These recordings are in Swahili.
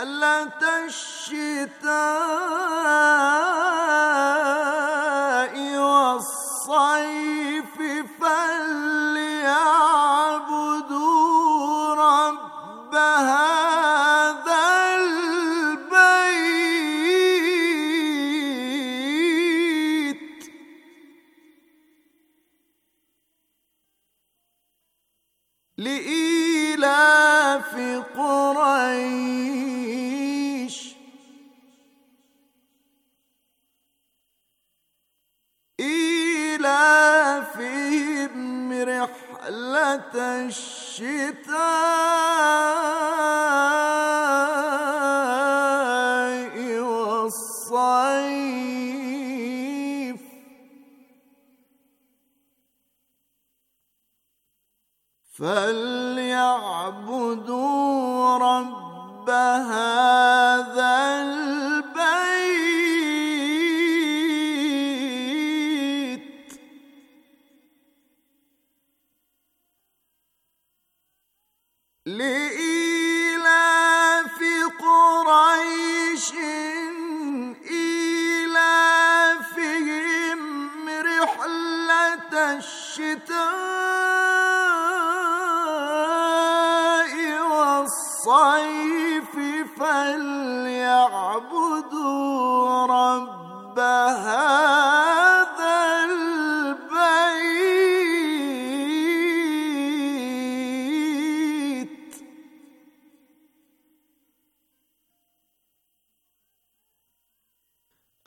رحلة الشتاء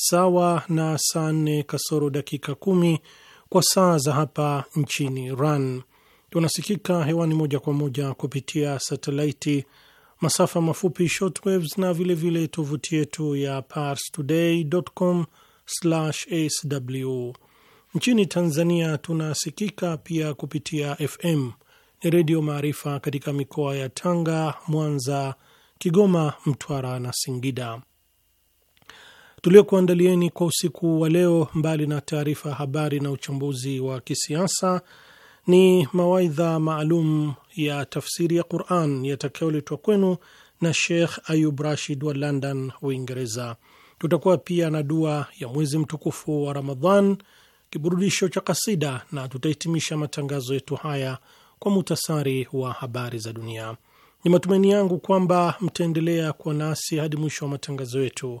sawa na saa nne kasoro dakika kumi kwa saa za hapa nchini Iran. Tunasikika hewani moja kwa moja kupitia satelaiti, masafa mafupi shortwaves na vilevile tovuti yetu ya pars parstoday.com/sw. Nchini Tanzania tunasikika pia kupitia FM ni Redio Maarifa katika mikoa ya Tanga, Mwanza, Kigoma, Mtwara na Singida tuliokuandalieni kwa usiku wa leo, mbali na taarifa ya habari na uchambuzi wa kisiasa, ni mawaidha maalum ya tafsiri ya Quran yatakayoletwa kwenu na Sheikh Ayub Rashid wa London, Uingereza. Tutakuwa pia na dua ya mwezi mtukufu wa Ramadhan, kiburudisho cha kasida, na tutahitimisha matangazo yetu haya kwa muhtasari wa habari za dunia. Ni matumaini yangu kwamba mtaendelea kuwa nasi hadi mwisho wa matangazo yetu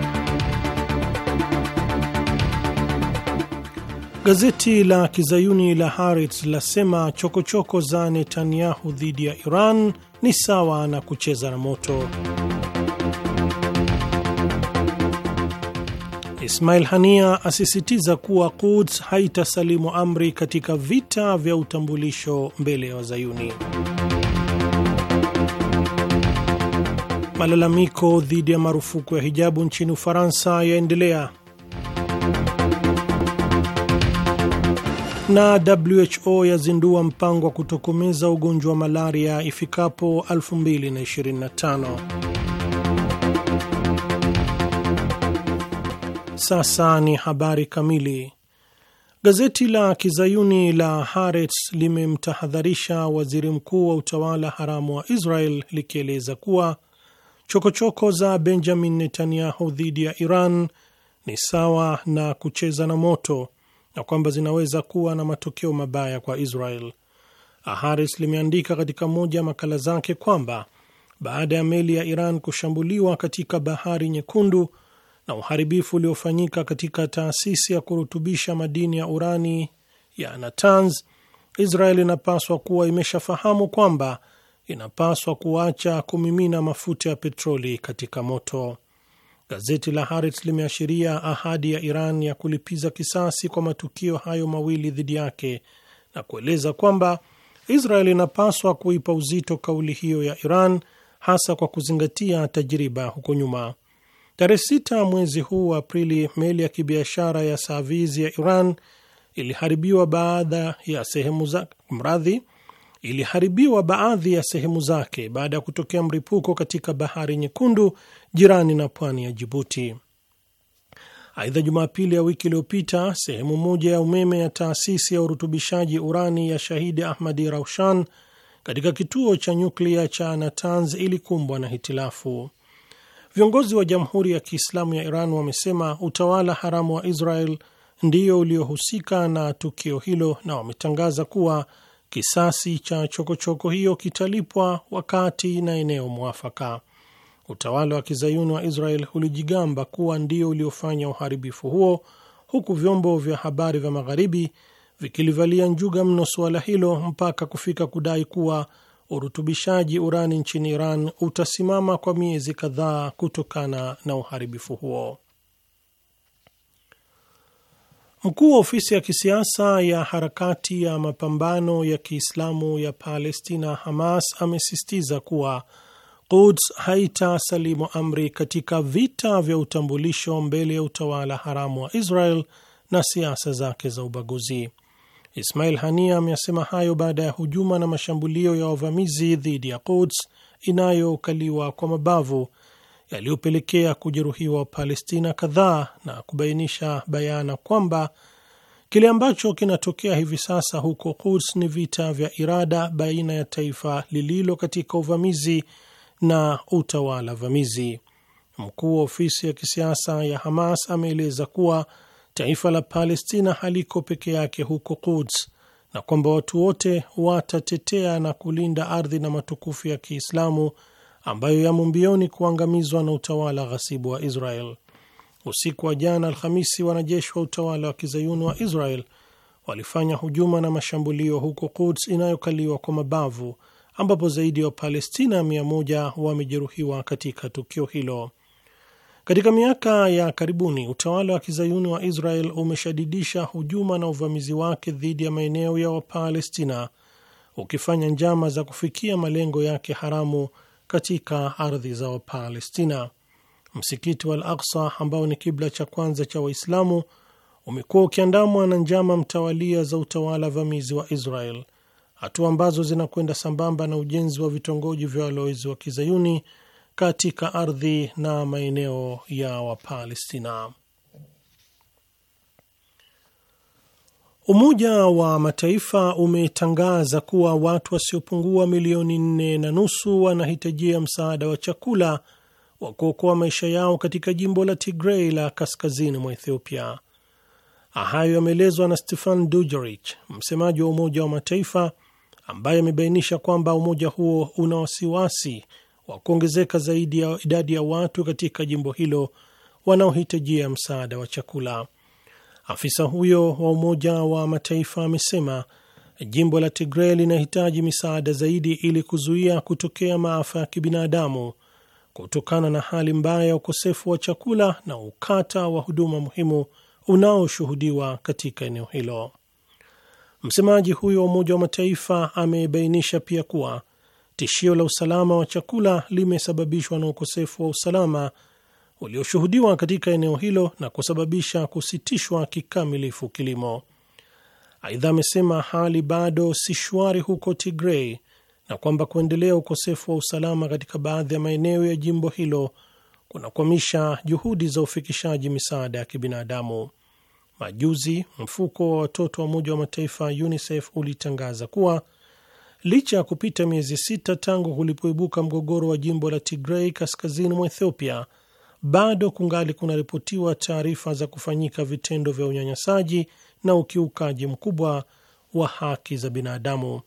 Gazeti la kizayuni la Haaretz lasema chokochoko za Netanyahu dhidi ya Iran ni sawa na kucheza na moto. Ismail Hania asisitiza kuwa Quds haitasalimu amri katika vita vya utambulisho mbele ya Wazayuni. Malalamiko dhidi ya marufuku ya hijabu nchini Ufaransa yaendelea. Na WHO yazindua mpango wa kutokomeza ugonjwa wa malaria ifikapo 2025. Sasa ni habari kamili. Gazeti la kizayuni la Haaretz limemtahadharisha waziri mkuu wa utawala haramu wa Israel likieleza kuwa chokochoko choko za Benjamin Netanyahu dhidi ya Iran ni sawa na kucheza na moto na kwamba zinaweza kuwa na matokeo mabaya kwa Israel. Aharis limeandika katika moja ya makala zake kwamba baada ya meli ya Iran kushambuliwa katika Bahari Nyekundu na uharibifu uliofanyika katika taasisi ya kurutubisha madini ya urani ya Natanz, Israel inapaswa kuwa imeshafahamu kwamba inapaswa kuacha kumimina mafuta ya petroli katika moto. Gazeti la Haaretz limeashiria ahadi ya Iran ya kulipiza kisasi kwa matukio hayo mawili dhidi yake na kueleza kwamba Israel inapaswa kuipa uzito kauli hiyo ya Iran hasa kwa kuzingatia tajriba huko nyuma. Tarehe 6 mwezi huu wa Aprili, meli ya kibiashara ya Savizi ya Iran iliharibiwa baada ya sehemu zake, mradhi iliharibiwa baadhi ya sehemu zake baada ya kutokea mripuko katika Bahari Nyekundu jirani na pwani ya Jibuti. Aidha, Jumapili ya wiki iliyopita sehemu moja ya umeme ya taasisi ya urutubishaji urani ya Shahidi Ahmadi Raushan katika kituo cha nyuklia cha Natanz ilikumbwa na hitilafu. Viongozi wa Jamhuri ya Kiislamu ya Iran wamesema utawala haramu wa Israel ndiyo uliohusika na tukio hilo na wametangaza kuwa kisasi cha chokochoko choko hiyo kitalipwa wakati na eneo mwafaka. Utawala wa kizayuni wa Israel ulijigamba kuwa ndio uliofanya uharibifu huo, huku vyombo vya habari vya magharibi vikilivalia njuga mno suala hilo mpaka kufika kudai kuwa urutubishaji urani nchini Iran utasimama kwa miezi kadhaa kutokana na uharibifu huo. Mkuu wa ofisi ya kisiasa ya harakati ya mapambano ya Kiislamu ya Palestina Hamas amesisitiza kuwa Quds haita salimu amri katika vita vya utambulisho mbele ya utawala haramu wa Israel na siasa zake za ubaguzi. Ismail Hania ameasema hayo baada ya hujuma na mashambulio ya wavamizi dhidi ya Quds inayokaliwa kwa mabavu yaliyopelekea kujeruhiwa Wapalestina kadhaa na kubainisha bayana kwamba kile ambacho kinatokea hivi sasa huko Quds ni vita vya irada baina ya taifa lililo katika uvamizi na utawala vamizi. Mkuu wa ofisi ya kisiasa ya Hamas ameeleza kuwa taifa la Palestina haliko peke yake huko Quds na kwamba watu wote watatetea na kulinda ardhi na matukufu ya Kiislamu ambayo yamo mbioni kuangamizwa na utawala ghasibu wa Israel. Usiku wa jana Alhamisi, wanajeshi wa utawala wa kizayuni wa Israel walifanya hujuma na mashambulio huko Quds inayokaliwa kwa mabavu ambapo zaidi ya Wapalestina mia moja wamejeruhiwa katika tukio hilo. Katika miaka ya karibuni utawala wa kizayuni wa Israel umeshadidisha hujuma na uvamizi wake dhidi ya maeneo ya Wapalestina, ukifanya njama za kufikia malengo yake haramu katika ardhi za Wapalestina. Msikiti wa Al Aksa ambao ni kibla cha kwanza cha Waislamu umekuwa ukiandamwa na njama mtawalia za utawala vamizi wa Israel hatua ambazo zinakwenda sambamba na ujenzi wa vitongoji vya walowezi wa kizayuni katika ardhi na maeneo ya Wapalestina. Umoja wa Mataifa umetangaza kuwa watu wasiopungua milioni nne na nusu wanahitajia msaada wa chakula wa kuokoa maisha yao katika jimbo la Tigrei la kaskazini mwa Ethiopia. Hayo yameelezwa na Stefan Dujarric, msemaji wa Umoja wa Mataifa ambayo amebainisha kwamba umoja huo una wasiwasi wa kuongezeka zaidi ya idadi ya watu katika jimbo hilo wanaohitajia msaada wa chakula. Afisa huyo wa Umoja wa Mataifa amesema jimbo la tigre linahitaji misaada zaidi ili kuzuia kutokea maafa ya kibinadamu kutokana na hali mbaya ya ukosefu wa chakula na ukata wa huduma muhimu unaoshuhudiwa katika eneo hilo. Msemaji huyo wa Umoja wa Mataifa amebainisha pia kuwa tishio la usalama wa chakula limesababishwa na ukosefu wa usalama ulioshuhudiwa katika eneo hilo na kusababisha kusitishwa kikamilifu kilimo. Aidha, amesema hali bado si shwari huko tigrey na kwamba kuendelea ukosefu wa usalama katika baadhi ya maeneo ya jimbo hilo kunakwamisha juhudi za ufikishaji misaada ya kibinadamu. Majuzi mfuko wa watoto wa Umoja wa Mataifa UNICEF ulitangaza kuwa licha ya kupita miezi sita tangu kulipoibuka mgogoro wa jimbo la Tigrei kaskazini mwa Ethiopia, bado kungali kunaripotiwa taarifa za kufanyika vitendo vya unyanyasaji na ukiukaji mkubwa wa haki za binadamu.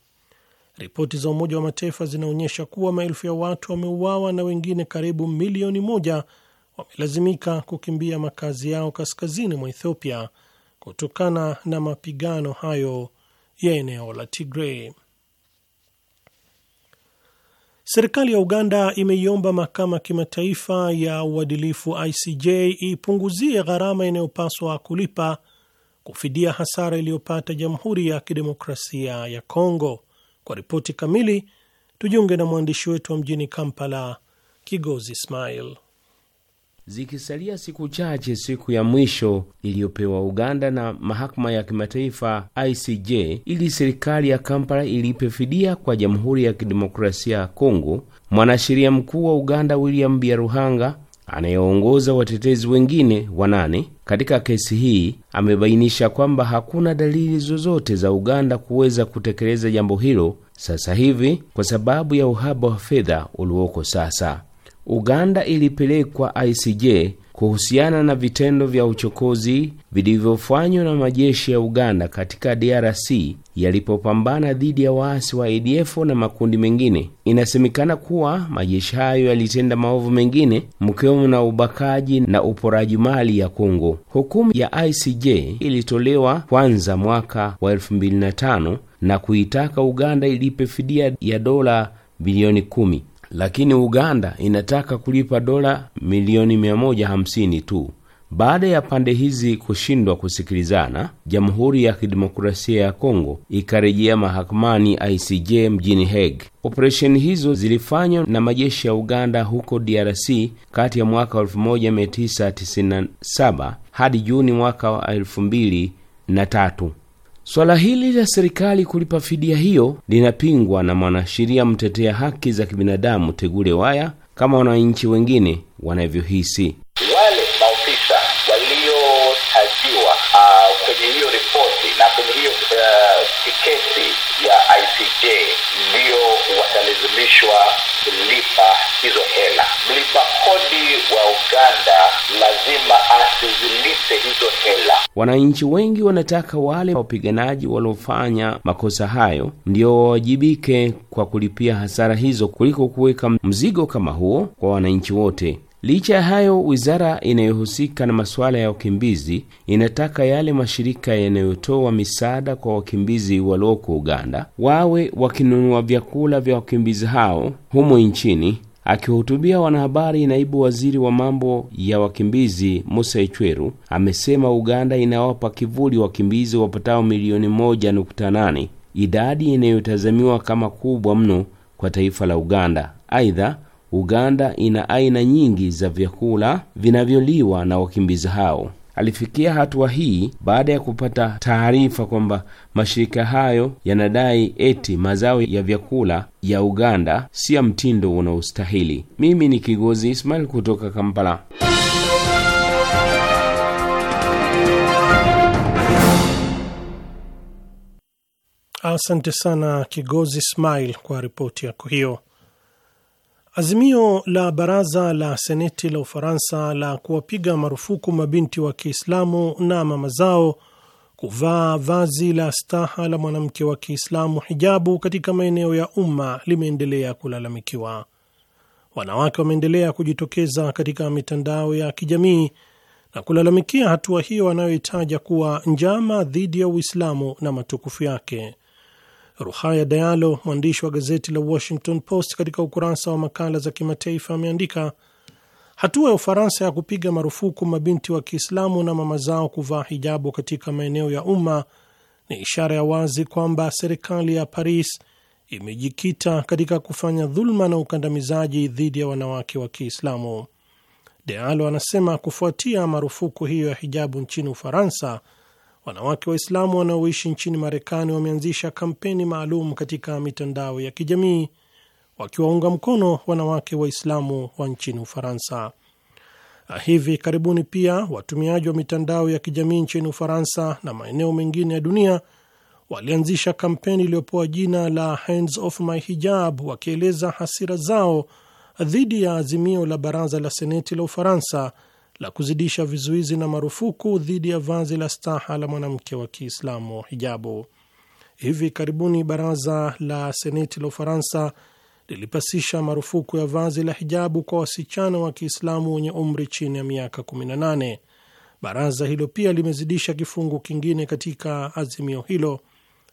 Ripoti za Umoja wa Mataifa zinaonyesha kuwa maelfu ya watu wameuawa na wengine karibu milioni moja wamelazimika kukimbia makazi yao kaskazini mwa Ethiopia kutokana na mapigano hayo ya eneo la Tigray. Serikali ya Uganda imeiomba mahakama kimataifa ya uadilifu ICJ ipunguzie gharama inayopaswa kulipa kufidia hasara iliyopata Jamhuri ya Kidemokrasia ya Kongo. Kwa ripoti kamili tujiunge na mwandishi wetu wa mjini Kampala, Kigozi Ismail. Zikisalia siku chache siku ya mwisho iliyopewa Uganda na mahakama ya kimataifa ICJ ili serikali ya Kampala ilipe fidia kwa Jamhuri ya Kidemokrasia ya Kongo, mwanasheria mkuu wa Uganda William Byaruhanga anayeongoza watetezi wengine wanane katika kesi hii amebainisha kwamba hakuna dalili zozote za Uganda kuweza kutekeleza jambo hilo sasa hivi kwa sababu ya uhaba wa fedha ulioko sasa. Uganda ilipelekwa ICJ kuhusiana na vitendo vya uchokozi vilivyofanywa na majeshi ya Uganda katika DRC yalipopambana dhidi ya waasi wa ADF na makundi mengine. Inasemekana kuwa majeshi hayo yalitenda maovu mengine mkiwemo na ubakaji na uporaji mali ya Kongo. Hukumu ya ICJ ilitolewa kwanza mwaka wa 2005 na kuitaka Uganda ilipe fidia ya dola bilioni 10 lakini Uganda inataka kulipa dola milioni 150 tu. Baada ya pande hizi kushindwa kusikilizana, Jamhuri ya Kidemokrasia ya Kongo ikarejea mahakamani ICJ mjini Hague. Operesheni hizo zilifanywa na majeshi ya Uganda huko DRC kati ya mwaka 1997 hadi Juni mwaka wa 2003. Swala hili la serikali kulipa fidia hiyo linapingwa na mwanasheria mtetea haki za kibinadamu Tegule Waya kama wananchi wengine wanavyohisi. Wale maofisa waliotajiwa uh, kwenye hiyo ripoti na kwenye hiyo uh, eh, kesi ya ICJ ndiyo watalazimishwa kulipa hizo hela mlipa kodi wa uganda lazima asizilipe hizo hela wananchi wengi wanataka wale wapiganaji waliofanya makosa hayo ndio wawajibike kwa kulipia hasara hizo kuliko kuweka mzigo kama huo kwa wananchi wote Licha ya hayo, wizara inayohusika na masuala ya wakimbizi inataka yale mashirika yanayotoa misaada kwa wakimbizi walioko Uganda wawe wakinunua vyakula vya wakimbizi hao humo nchini Akiwahutubia wanahabari, naibu waziri wa mambo ya wakimbizi Musa Ichweru amesema Uganda inawapa kivuli wakimbizi wapatao milioni moja nukta nane, idadi inayotazamiwa kama kubwa mno kwa taifa la Uganda. Aidha, Uganda ina aina nyingi za vyakula vinavyoliwa na wakimbizi hao. Alifikia hatua hii baada ya kupata taarifa kwamba mashirika hayo yanadai eti mazao ya vyakula ya Uganda si ya mtindo unaostahili. Mimi ni Kigozi Ismail kutoka Kampala. Asante sana Kigozi Ismail kwa ripoti yako hiyo. Azimio la baraza la seneti la Ufaransa la kuwapiga marufuku mabinti wa Kiislamu na mama zao kuvaa vazi la staha la mwanamke wa Kiislamu, hijabu, katika maeneo ya umma limeendelea kulalamikiwa. Wanawake wameendelea kujitokeza katika mitandao ya kijamii na kulalamikia hatua hiyo wanayoitaja kuwa njama dhidi ya Uislamu na matukufu yake. Ruhaya Dayalo, mwandishi wa gazeti la Washington Post, katika ukurasa wa makala za kimataifa ameandika hatua ya Ufaransa ya kupiga marufuku mabinti wa Kiislamu na mama zao kuvaa hijabu katika maeneo ya umma ni ishara ya wazi kwamba serikali ya Paris imejikita katika kufanya dhuluma na ukandamizaji dhidi ya wanawake wa Kiislamu. Dealo anasema kufuatia marufuku hiyo ya hijabu nchini Ufaransa, wanawake Waislamu wanaoishi nchini Marekani wameanzisha kampeni maalum katika mitandao ya kijamii wakiwaunga mkono wanawake Waislamu wa nchini Ufaransa. Ah, hivi karibuni pia watumiaji wa mitandao ya kijamii nchini Ufaransa na maeneo mengine ya dunia walianzisha kampeni iliyopewa jina la Hands Off My Hijab, wakieleza hasira zao dhidi ya azimio la baraza la seneti la Ufaransa la kuzidisha vizuizi na marufuku dhidi ya vazi la staha la mwanamke wa Kiislamu, hijabu. Hivi karibuni baraza la seneti la Ufaransa lilipasisha marufuku ya vazi la hijabu kwa wasichana wa Kiislamu wenye umri chini ya miaka 18. Baraza hilo pia limezidisha kifungu kingine katika azimio hilo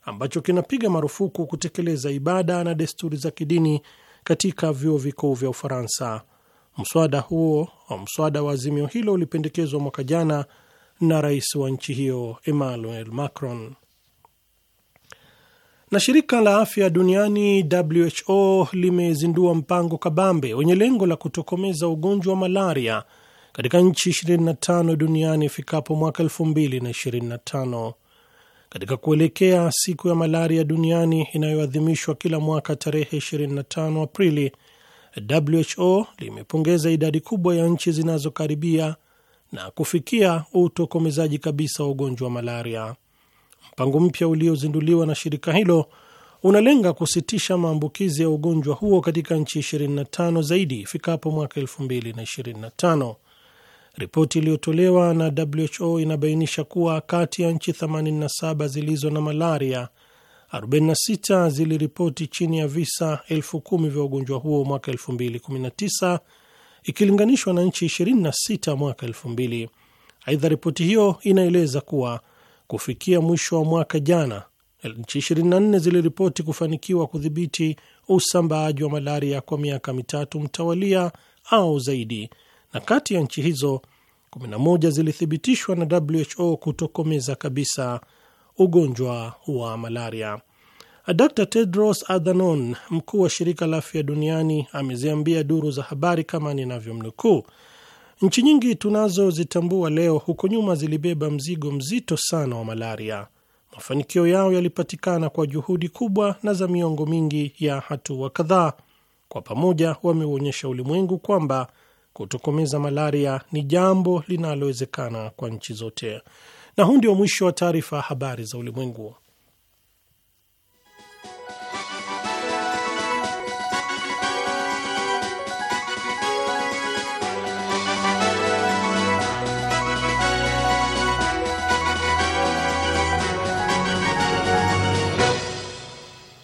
ambacho kinapiga marufuku kutekeleza ibada na desturi za kidini katika vyuo vikuu vya Ufaransa. Mswada huo wa mswada wa azimio hilo ulipendekezwa mwaka jana na rais wa nchi hiyo Emmanuel Macron. Na shirika la afya duniani WHO limezindua mpango kabambe wenye lengo la kutokomeza ugonjwa wa malaria katika nchi 25 duniani ifikapo mwaka 2025. Katika kuelekea siku ya malaria duniani inayoadhimishwa kila mwaka tarehe 25 Aprili, WHO limepongeza idadi kubwa ya nchi zinazokaribia na kufikia utokomezaji kabisa wa ugonjwa wa malaria. Mpango mpya uliozinduliwa na shirika hilo unalenga kusitisha maambukizi ya ugonjwa huo katika nchi 25 zaidi ifikapo mwaka 2025. Ripoti iliyotolewa na WHO inabainisha kuwa kati ya nchi 87 zilizo na malaria 46 ziliripoti chini ya visa elfu kumi vya ugonjwa huo mwaka 2019 ikilinganishwa na nchi 26 mwaka 2000. Aidha, ripoti hiyo inaeleza kuwa kufikia mwisho wa mwaka jana nchi 24 ziliripoti kufanikiwa kudhibiti usambaaji wa malaria kwa miaka mitatu mtawalia au zaidi, na kati ya nchi hizo 11 zilithibitishwa na WHO kutokomeza kabisa ugonjwa wa malaria. Dr Tedros Adhanom, mkuu wa shirika la afya duniani, ameziambia duru za habari kama ninavyomnukuu: nchi nyingi tunazozitambua leo huko nyuma zilibeba mzigo mzito sana wa malaria. Mafanikio yao yalipatikana kwa juhudi kubwa na za miongo mingi ya hatua kadhaa. Kwa pamoja, wameuonyesha ulimwengu kwamba kutokomeza malaria ni jambo linalowezekana kwa nchi zote. Na huu ndio mwisho wa taarifa ya habari za ulimwengu.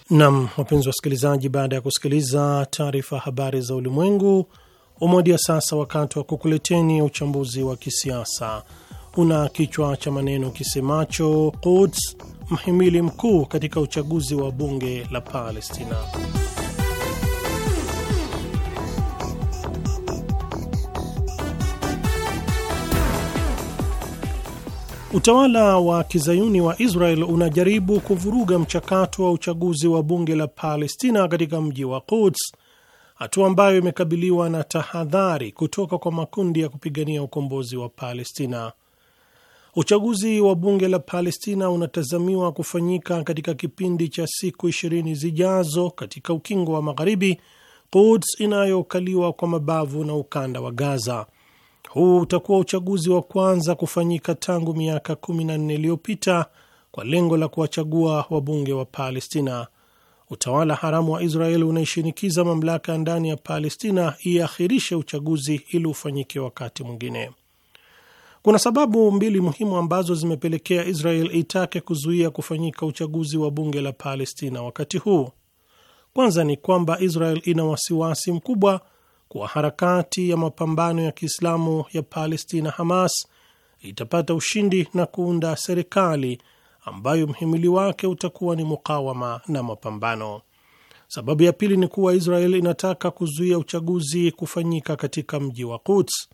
Nam, wapenzi wasikilizaji, baada ya kusikiliza taarifa habari za ulimwengu, umewadia sasa wakati wa kukuleteni uchambuzi wa kisiasa una kichwa cha maneno kisemacho Quds mhimili mkuu katika uchaguzi wa bunge la Palestina. Utawala wa kizayuni wa Israel unajaribu kuvuruga mchakato wa uchaguzi wa bunge la Palestina katika mji wa Quds, hatua ambayo imekabiliwa na tahadhari kutoka kwa makundi ya kupigania ukombozi wa Palestina. Uchaguzi wa bunge la Palestina unatazamiwa kufanyika katika kipindi cha siku ishirini zijazo katika ukingo wa Magharibi, Quds inayokaliwa kwa mabavu na ukanda wa Gaza. Huu utakuwa uchaguzi wa kwanza kufanyika tangu miaka 14 iliyopita kwa lengo la kuwachagua wabunge wa Palestina. Utawala haramu wa Israel unaishinikiza mamlaka ya ndani ya Palestina iahirishe uchaguzi ili ufanyike wakati mwingine. Kuna sababu mbili muhimu ambazo zimepelekea Israel itake kuzuia kufanyika uchaguzi wa bunge la Palestina wakati huu. Kwanza ni kwamba Israel ina wasiwasi mkubwa kuwa harakati ya mapambano ya Kiislamu ya Palestina, Hamas, itapata ushindi na kuunda serikali ambayo mhimili wake utakuwa ni mukawama na mapambano. Sababu ya pili ni kuwa Israel inataka kuzuia uchaguzi kufanyika katika mji wa Quds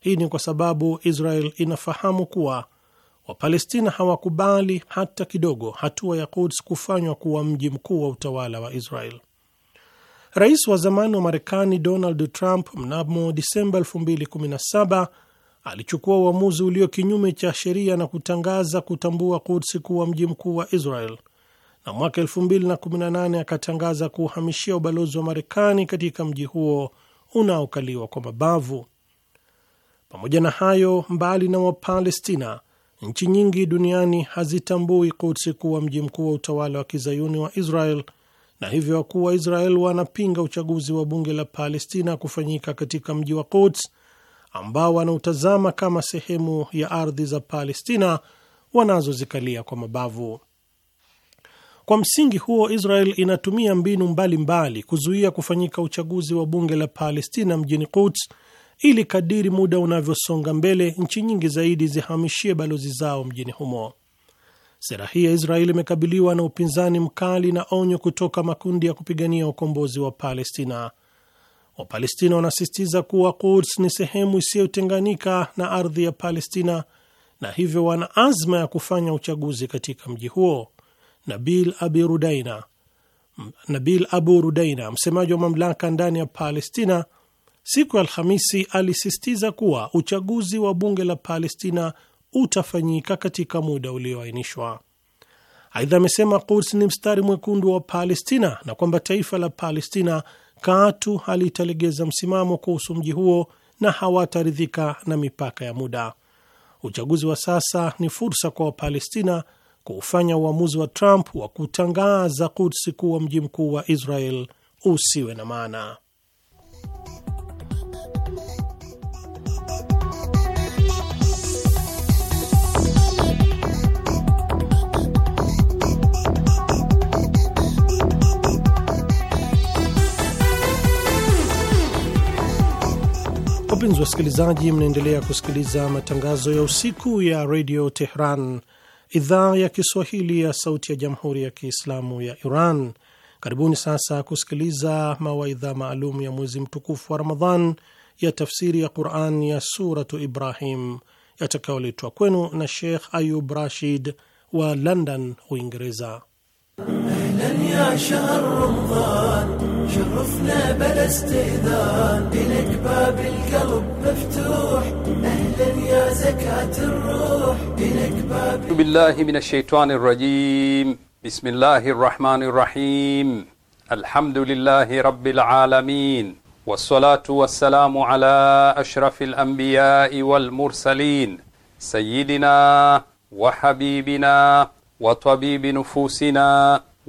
hii ni kwa sababu Israel inafahamu kuwa Wapalestina hawakubali hata kidogo hatua ya Quds kufanywa kuwa mji mkuu wa utawala wa Israel. Rais wa zamani wa Marekani Donald Trump mnamo Disemba 2017 alichukua uamuzi ulio kinyume cha sheria na kutangaza kutambua Quds kuwa mji mkuu wa Israel, na mwaka 2018 akatangaza kuuhamishia ubalozi wa Marekani katika mji huo unaokaliwa kwa mabavu. Pamoja na hayo, mbali na Wapalestina, nchi nyingi duniani hazitambui kutsi kuwa mji mkuu wa utawala wa kizayuni wa Israel na hivyo wakuu wa Israel wanapinga uchaguzi wa bunge la Palestina kufanyika katika mji wa kuts ambao wanautazama kama sehemu ya ardhi za Palestina wanazozikalia kwa mabavu. Kwa msingi huo, Israel inatumia mbinu mbalimbali mbali kuzuia kufanyika uchaguzi wa bunge la Palestina mjini Kuts ili kadiri muda unavyosonga mbele nchi nyingi zaidi zihamishie balozi zao mjini humo. Sera hii ya Israeli imekabiliwa na upinzani mkali na onyo kutoka makundi ya kupigania ukombozi wa Palestina. Wapalestina wanasisitiza kuwa Quds ni sehemu isiyotenganika na ardhi ya Palestina na hivyo wana azma ya kufanya uchaguzi katika mji huo. Nabil Abi Rudaina, Nabil Abu Rudaina, msemaji wa mamlaka ndani ya Palestina, siku ya Alhamisi alisisitiza kuwa uchaguzi wa bunge la Palestina utafanyika katika muda ulioainishwa. Aidha, amesema Quds ni mstari mwekundu wa Palestina na kwamba taifa la Palestina katu halitalegeza msimamo kuhusu mji huo na hawataridhika na mipaka ya muda. Uchaguzi wa sasa ni fursa kwa Wapalestina kuufanya uamuzi wa Trump wa kutangaza Quds kuwa mji mkuu wa Israel usiwe na maana. Wapenzi wasikilizaji, mnaendelea kusikiliza matangazo ya usiku ya redio Tehran, idhaa ya Kiswahili ya sauti ya jamhuri ya Kiislamu ya Iran. Karibuni sasa kusikiliza mawaidha maalum ya mwezi mtukufu wa Ramadhan ya tafsiri ya Quran ya Suratu Ibrahim yatakayoletwa kwenu na Sheikh Ayub Rashid wa London, Uingereza. شرفنا بلا استئذان إلك باب القلب مفتوح أهلا يا زكاة الروح إلك باب بالله من الشيطان الرجيم بسم الله الرحمن الرحيم الحمد لله رب العالمين والصلاة والسلام على أشرف الأنبياء والمرسلين سيدنا وحبيبنا وطبيب نفوسنا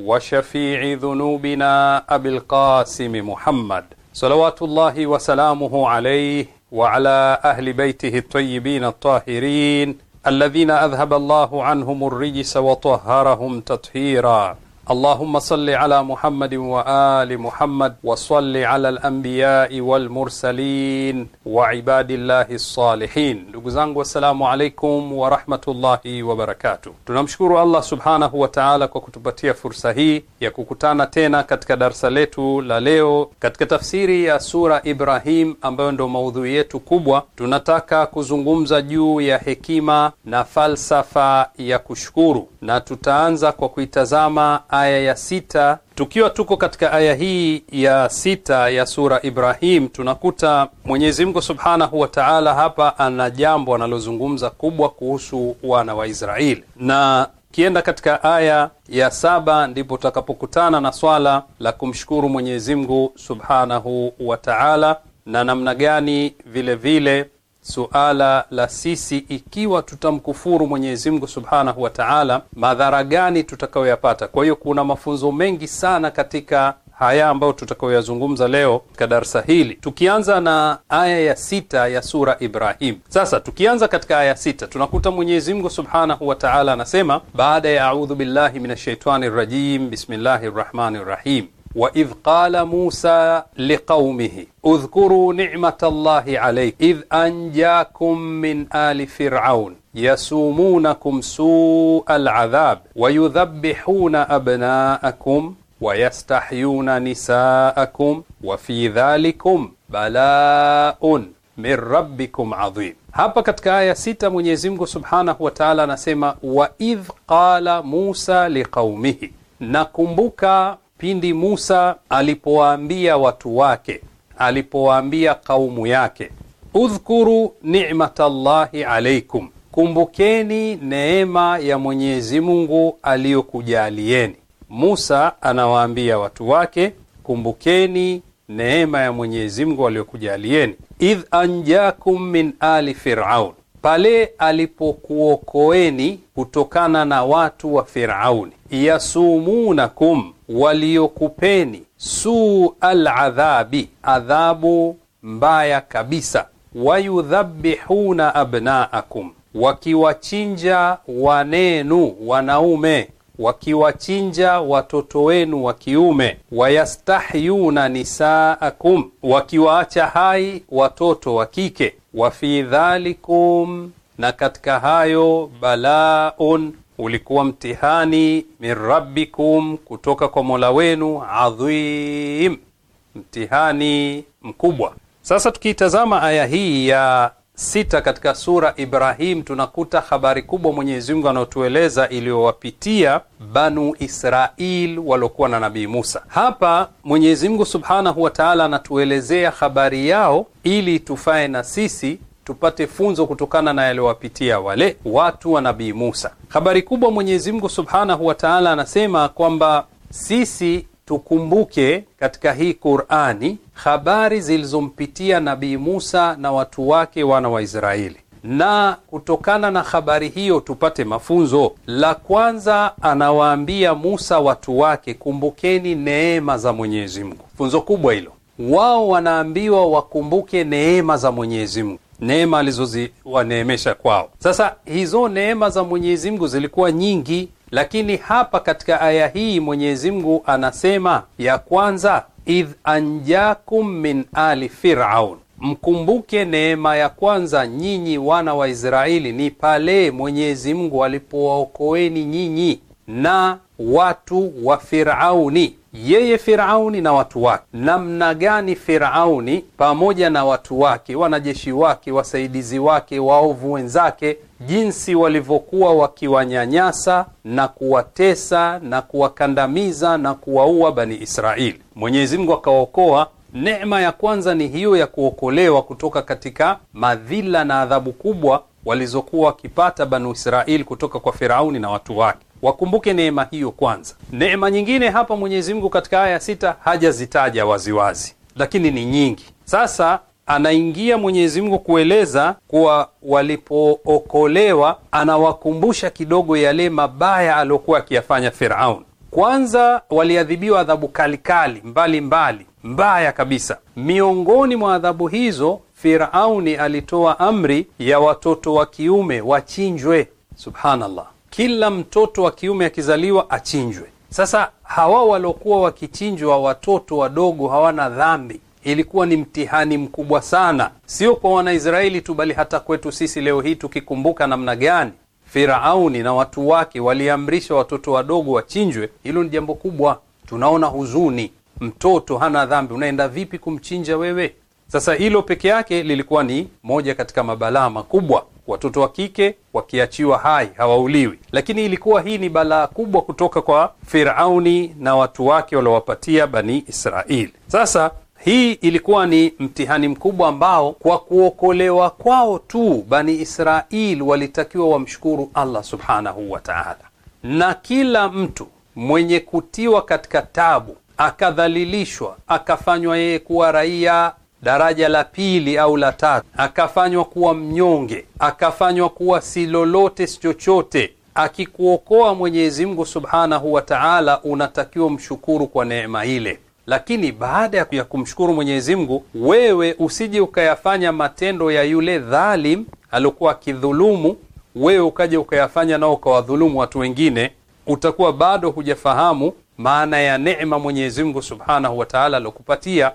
وشفيع ذنوبنا أبي القاسم محمد صلوات الله وسلامه عليه وعلى أهل بيته الطيبين الطاهرين الذين أذهب الله عنهم الرجس وطهرهم تطهيرا Allahumma salli ala Muhammadin wa ali Muhammad wa salli ala al-anbiya'i wal mursalin wa ibadillahi salihin. Ndugu zangu, assalamu alaikum wa rahmatullahi wa barakatuh. Tunamshukuru Allah subhanahu wa ta'ala kwa kutupatia fursa hii ya kukutana tena katika darsa letu la leo katika tafsiri ya sura Ibrahim ambayo ndio maudhui yetu kubwa. Tunataka kuzungumza juu ya hekima na falsafa ya kushukuru na tutaanza kwa kuitazama aya ya sita. Tukiwa tuko katika aya hii ya sita ya sura Ibrahim, tunakuta Mwenyezi Mungu subhanahu wa taala hapa ana jambo analozungumza kubwa kuhusu wana wa Israeli na kienda katika aya ya saba ndipo tutakapokutana na swala la kumshukuru Mwenyezi Mungu subhanahu wa taala na namna gani vile vile suala la sisi ikiwa tutamkufuru Mwenyezi Mungu subhanahu wa taala, madhara gani tutakayoyapata. Kwa hiyo kuna mafunzo mengi sana katika haya ambayo tutakayoyazungumza leo katika darsa hili, tukianza na aya ya sita ya sura Ibrahim. Sasa tukianza katika aya sita tunakuta Mwenyezi Mungu subhanahu wa taala anasema, baada ya audhu billahi min shaitani rajim, bismillahi rahmani rahim وإذ قال موسى لقومه اذكروا نعمة الله عليك إذ أنجاكم من آل فرعون يسومونكم سوء العذاب ويذبحون أبناءكم ويستحيون نساءكم وفي ذلكم بلاء من ربكم عظيم Hapa katika aya sita Mwenyezi Mungu subhanahu wa taala anasema waidh qala Musa liqaumihi, nakumbuka pindi Musa alipowaambia watu wake, alipowaambia kaumu yake, udhkuru nimata llahi alaikum, kumbukeni neema ya Mwenyezi Mungu aliyokujalieni. Musa anawaambia watu wake, kumbukeni neema ya Mwenyezi Mungu aliyokujalieni, idh anjakum min ali firaun pale alipokuokoeni kutokana na watu wa Firauni, yasumunakum, waliokupeni suu aladhabi, adhabu mbaya kabisa, wayudhabihuna abnaakum, wakiwachinja wanenu wanaume, wakiwachinja watoto wenu wa kiume, wayastahyuna nisaakum, wakiwaacha hai watoto wa kike wa fi dhalikum, na katika hayo balaun, ulikuwa mtihani min rabbikum, kutoka kwa mola wenu, adhim, mtihani mkubwa. Sasa tukiitazama aya hii ya sita katika sura Ibrahim tunakuta habari kubwa Mwenyezi Mungu anayotueleza iliyowapitia Banu Israil waliokuwa na Nabii Musa. Hapa Mwenyezi Mungu subhanahu wa taala anatuelezea habari yao ili tufae na sisi tupate funzo kutokana na yaliyowapitia wale watu wa Nabii Musa. Habari kubwa Mwenyezi Mungu subhanahu wa taala anasema kwamba sisi tukumbuke katika hii Qurani habari zilizompitia Nabii Musa na watu wake wana wa Israeli, na kutokana na habari hiyo tupate mafunzo. La kwanza, anawaambia Musa watu wake, kumbukeni neema za Mwenyezi Mungu. Funzo kubwa hilo, wao wanaambiwa wakumbuke neema za Mwenyezi Mungu, neema alizoziwaneemesha kwao. Sasa hizo neema za Mwenyezi Mungu zilikuwa nyingi, lakini hapa katika aya hii Mwenyezi Mungu anasema ya kwanza idh anjakum min ali firaun, mkumbuke neema ya kwanza nyinyi wana wa Israeli ni pale Mwenyezi Mungu alipowaokoeni nyinyi na watu wa Firauni, yeye Firauni na watu wake, namna gani Firauni pamoja na watu wake, wanajeshi wake, wasaidizi wake, waovu wenzake, jinsi walivyokuwa wakiwanyanyasa na kuwatesa na kuwakandamiza na kuwaua Bani israeli Mwenyezi Mungu akawaokoa. Neema ya kwanza ni hiyo ya kuokolewa kutoka katika madhila na adhabu kubwa walizokuwa wakipata Banu israeli kutoka kwa Firauni na watu wake wakumbuke neema hiyo kwanza. Neema nyingine hapa Mwenyezi Mungu katika aya sita hajazitaja waziwazi, lakini ni nyingi. Sasa anaingia Mwenyezi Mungu kueleza kuwa walipookolewa, anawakumbusha kidogo yale mabaya aliyokuwa akiyafanya Firaun. Kwanza waliadhibiwa adhabu kalikali mbalimbali mbali mbaya kabisa. Miongoni mwa adhabu hizo, Firauni alitoa amri ya watoto wa kiume wachinjwe. Subhanallah kila mtoto wa kiume akizaliwa achinjwe. Sasa hawa waliokuwa wakichinjwa watoto wadogo hawana dhambi, ilikuwa ni mtihani mkubwa sana, sio kwa Wanaisraeli tu, bali hata kwetu sisi leo hii tukikumbuka namna gani Firauni na watu wake waliamrisha watoto wadogo wachinjwe. Hilo ni jambo kubwa, tunaona huzuni. Mtoto hana dhambi, unaenda vipi kumchinja wewe? Sasa hilo peke yake lilikuwa ni moja katika mabalaa makubwa watoto wa kike wakiachiwa hai hawauliwi. Lakini ilikuwa hii ni balaa kubwa kutoka kwa Firauni na watu wake waliowapatia Bani Israeli. Sasa hii ilikuwa ni mtihani mkubwa ambao kwa kuokolewa kwao tu Bani Israeli walitakiwa wamshukuru Allah subhanahu wa taala, na kila mtu mwenye kutiwa katika tabu akadhalilishwa akafanywa yeye kuwa raia daraja la pili au la tatu, akafanywa kuwa mnyonge, akafanywa kuwa si lolote si chochote. Akikuokoa Mwenyezi Mungu subhanahu wa taala, unatakiwa mshukuru kwa neema ile, lakini baada ya kumshukuru Mwenyezi Mungu, wewe usije ukayafanya matendo ya yule dhalim aliokuwa akidhulumu wewe, ukaja ukayafanya nao ukawadhulumu watu wengine, utakuwa bado hujafahamu maana ya neema Mwenyezi Mungu subhanahu wa taala aliokupatia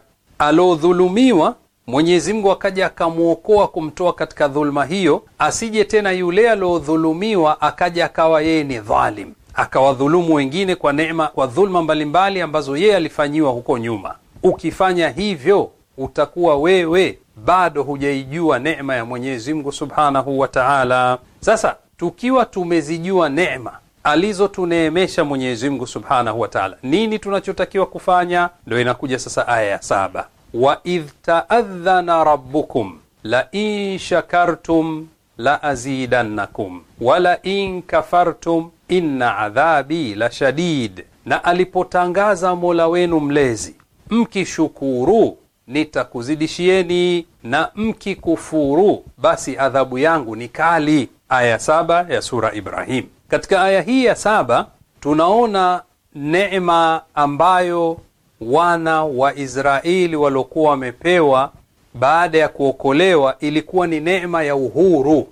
alodhulumiwa Mwenyezi Mungu akaja akamwokoa kumtoa katika dhuluma hiyo, asije tena yule alodhulumiwa akaja akawa yeye ni dhalim, akawadhulumu wengine kwa neema, kwa dhuluma mbalimbali ambazo yeye alifanyiwa huko nyuma. Ukifanya hivyo, utakuwa wewe bado hujaijua neema ya Mwenyezi Mungu Subhanahu wa Ta'ala. Sasa tukiwa tumezijua neema alizotuneemesha Mwenyezi Mungu Subhanahu wa Ta'ala, nini tunachotakiwa kufanya? Ndo inakuja sasa aya ya saba idh taadhana rabbukum in shakartum la in kafartum inna adhabi la shadid, na alipotangaza Mola wenu mlezi, mkishukuru nitakuzidishieni na mkikufuru basi adhabu yangu ni kali. Aya saba ya sura Ibrahim. Katika aya hii ya saba tunaona neema ambayo wana wa Israeli waliokuwa wamepewa baada ya kuokolewa ilikuwa ni neema ya uhuru,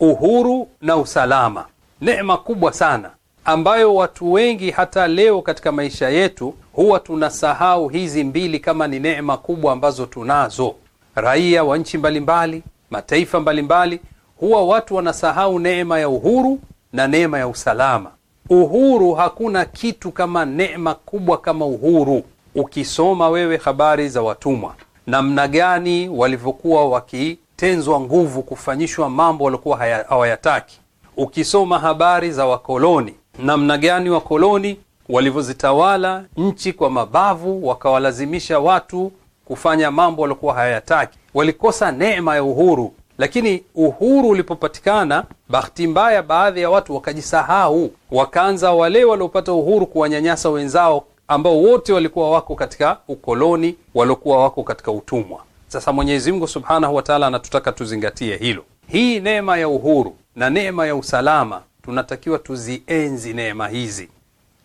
uhuru na usalama, neema kubwa sana ambayo watu wengi hata leo katika maisha yetu huwa tunasahau hizi mbili kama ni neema kubwa ambazo tunazo. Raia wa nchi mbalimbali, mataifa mbalimbali, huwa watu wanasahau neema ya uhuru na neema ya usalama. Uhuru, hakuna kitu kama neema kubwa kama uhuru ukisoma wewe habari za watumwa, namna gani walivyokuwa wakitenzwa nguvu, kufanyishwa mambo waliokuwa hawayataki. Ukisoma habari za wakoloni, namna gani wakoloni walivyozitawala nchi kwa mabavu, wakawalazimisha watu kufanya mambo waliokuwa hayataki. Walikosa neema ya uhuru, lakini uhuru ulipopatikana, bahati mbaya, baadhi ya watu wakajisahau, wakaanza wale waliopata uhuru kuwanyanyasa wenzao ambao wote walikuwa wako katika ukoloni, waliokuwa wako katika utumwa. Sasa Mwenyezi Mungu Subhanahu wataala anatutaka tuzingatie hilo. Hii neema ya uhuru na neema ya usalama, tunatakiwa tuzienzi neema hizi,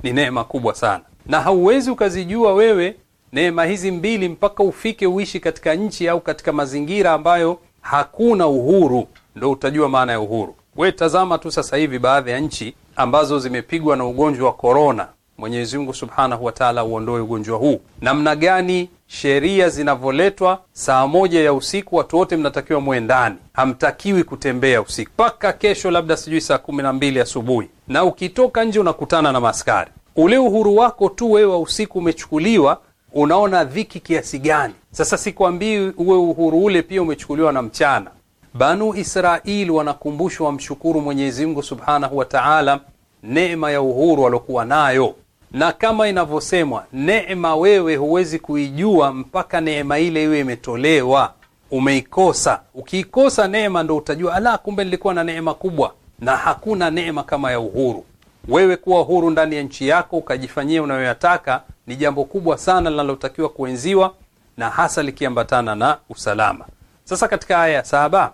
ni neema kubwa sana, na hauwezi ukazijua wewe neema hizi mbili mpaka ufike uishi katika nchi au katika mazingira ambayo hakuna uhuru, ndo utajua maana ya uhuru. We tazama tu sasa hivi baadhi ya nchi ambazo zimepigwa na ugonjwa wa korona Mwenyezi Mungu Subhanahu wa Ta'ala uondoe ugonjwa huu. Namna gani sheria zinavyoletwa? Saa moja ya usiku watu wote mnatakiwa mwe ndani, hamtakiwi kutembea usiku mpaka kesho, labda sijui saa kumi na mbili asubuhi, na ukitoka nje unakutana na maskari. Ule uhuru wako tu wewe wa usiku umechukuliwa. Unaona dhiki kiasi gani? Sasa sikwambii uwe uhuru ule pia umechukuliwa na mchana. Banu Israili wanakumbushwa wamshukuru Mwenyezi Mungu Subhanahu wa Ta'ala neema ya uhuru waliokuwa nayo na kama inavyosemwa, neema wewe huwezi kuijua mpaka neema ile iwe imetolewa. Umeikosa, ukiikosa neema ndo utajua, ala, kumbe nilikuwa na neema kubwa. Na hakuna neema kama ya uhuru. Wewe kuwa huru ndani ya nchi yako ukajifanyia unayoyataka ni jambo kubwa sana linalotakiwa kuenziwa, na hasa likiambatana na usalama. Sasa katika aya ya saba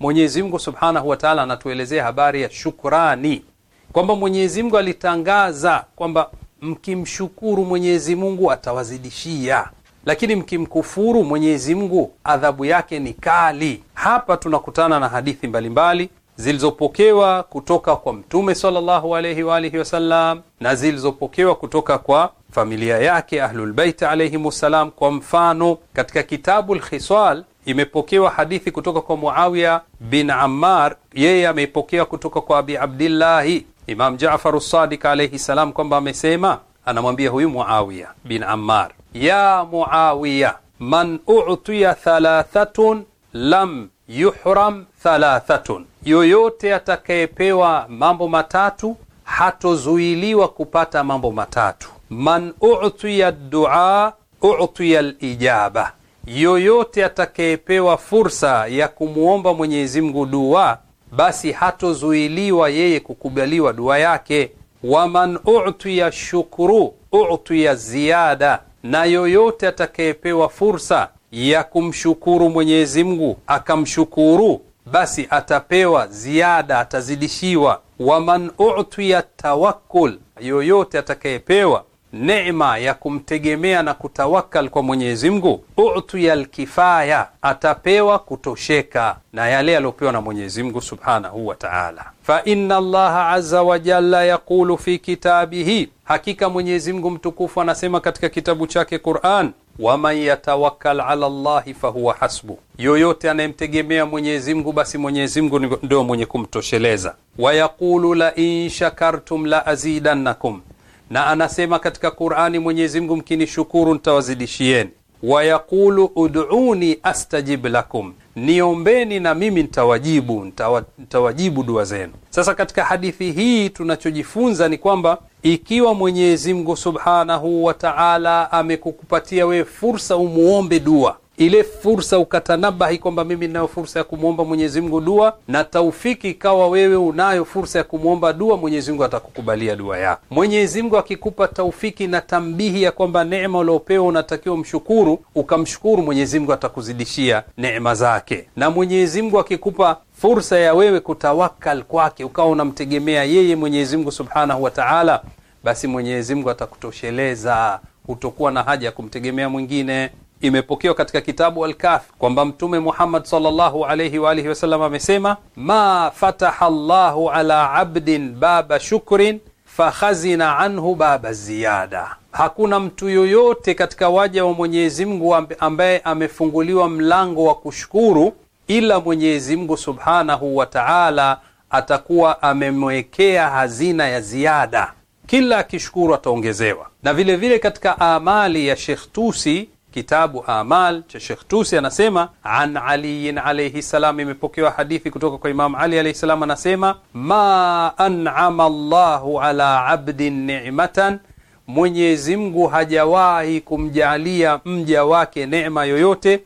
Mwenyezi Mungu subhanahu wa taala anatuelezea habari ya shukrani, kwamba Mwenyezi Mungu alitangaza kwamba mkimshukuru Mwenyezi Mungu atawazidishia, lakini mkimkufuru Mwenyezi Mungu adhabu yake ni kali. Hapa tunakutana na hadithi mbalimbali zilizopokewa kutoka kwa Mtume sallallahu alayhi wa alihi wasallam na zilizopokewa kutoka kwa familia yake Ahlulbeit alayhim wassalam. Kwa mfano katika kitabu Lkhisal imepokewa hadithi kutoka kwa Muawiya bin Ammar, yeye ameipokea kutoka kwa Abi Abdillahi Imam jafar Sadiq alayhi salam kwamba amesema, anamwambia huyu Muawiya bin Ammar, ya Muawiya, man utiya thalathatun lam yuhram thalathatun, yoyote atakayepewa mambo matatu hatozuiliwa kupata mambo matatu. Man utiya dua utiya lijaba, yoyote atakayepewa fursa ya kumwomba Mwenyezi Mungu dua basi hatozuiliwa yeye kukubaliwa dua yake. Waman utiya shukru utiya ziyada, na yoyote atakayepewa fursa ya kumshukuru Mwenyezi Mungu akamshukuru, basi atapewa ziada, atazidishiwa. Waman utiya tawakkul, yoyote atakayepewa neema ya kumtegemea na kutawakal kwa Mwenyezi Mungu, utiya lkifaya, atapewa kutosheka na yale aliyopewa na Mwenyezi Mungu subhanahu wa taala. Fa inna Allaha azza wa jalla yaqulu fi kitabihi, hakika Mwenyezi Mungu mtukufu anasema katika kitabu chake Quran, waman yatawakal ala Allahi fahuwa hasbu, yoyote anayemtegemea Mwenyezi Mungu basi Mwenyezi Mungu ndio mwenye kumtosheleza. Wayaqulu lain shakartum la azidannakum na anasema katika Qur'ani Mwenyezi Mungu, mkinishukuru ntawazidishieni Wayaqulu ud'uni astajib lakum, niombeni na mimi ntawajibu, ntawajibu dua zenu. Sasa katika hadithi hii tunachojifunza ni kwamba ikiwa Mwenyezi Mungu Subhanahu wa Ta'ala amekukupatia wewe fursa umuombe dua ile fursa ukatanabahi kwamba mimi ninayo fursa ya kumwomba Mwenyezi Mungu dua na taufiki, ikawa wewe unayo fursa ya kumwomba dua, Mwenyezi Mungu atakukubalia dua yako. Mwenyezi Mungu akikupa taufiki na tambihi ya kwamba neema uliopewa unatakiwa mshukuru, ukamshukuru Mwenyezi Mungu atakuzidishia neema zake. Na Mwenyezi Mungu akikupa fursa ya wewe kutawakal kwake, ukawa unamtegemea yeye Mwenyezi Mungu Subhanahu wa Ta'ala, basi Mwenyezi Mungu atakutosheleza, hutokuwa na haja ya kumtegemea mwingine. Imepokewa katika kitabu al kwamba Mtume Muhammad sallallahu alayhi wa alihi wasallam amesema, ma fataha llahu ala abdin baba shukrin fakhazina anhu baba ziyada, hakuna mtu yoyote katika waja wa Mwenyezi Mungu ambaye amefunguliwa mlango wa kushukuru ila Mwenyezi Mungu subhanahu wa taala atakuwa amemwekea hazina ya ziada, kila akishukuru ataongezewa. Na vilevile vile katika amali ya shekh Tusi kitabu Amal cha Shekh Tusi anasema, an aliyin alaihi salam, imepokewa hadithi kutoka kwa Imamu Ali alaihi salam, anasema ma an'ama Allahu ala abdin ni'matan, Mwenyezi Mungu hajawahi kumjalia mja wake neema yoyote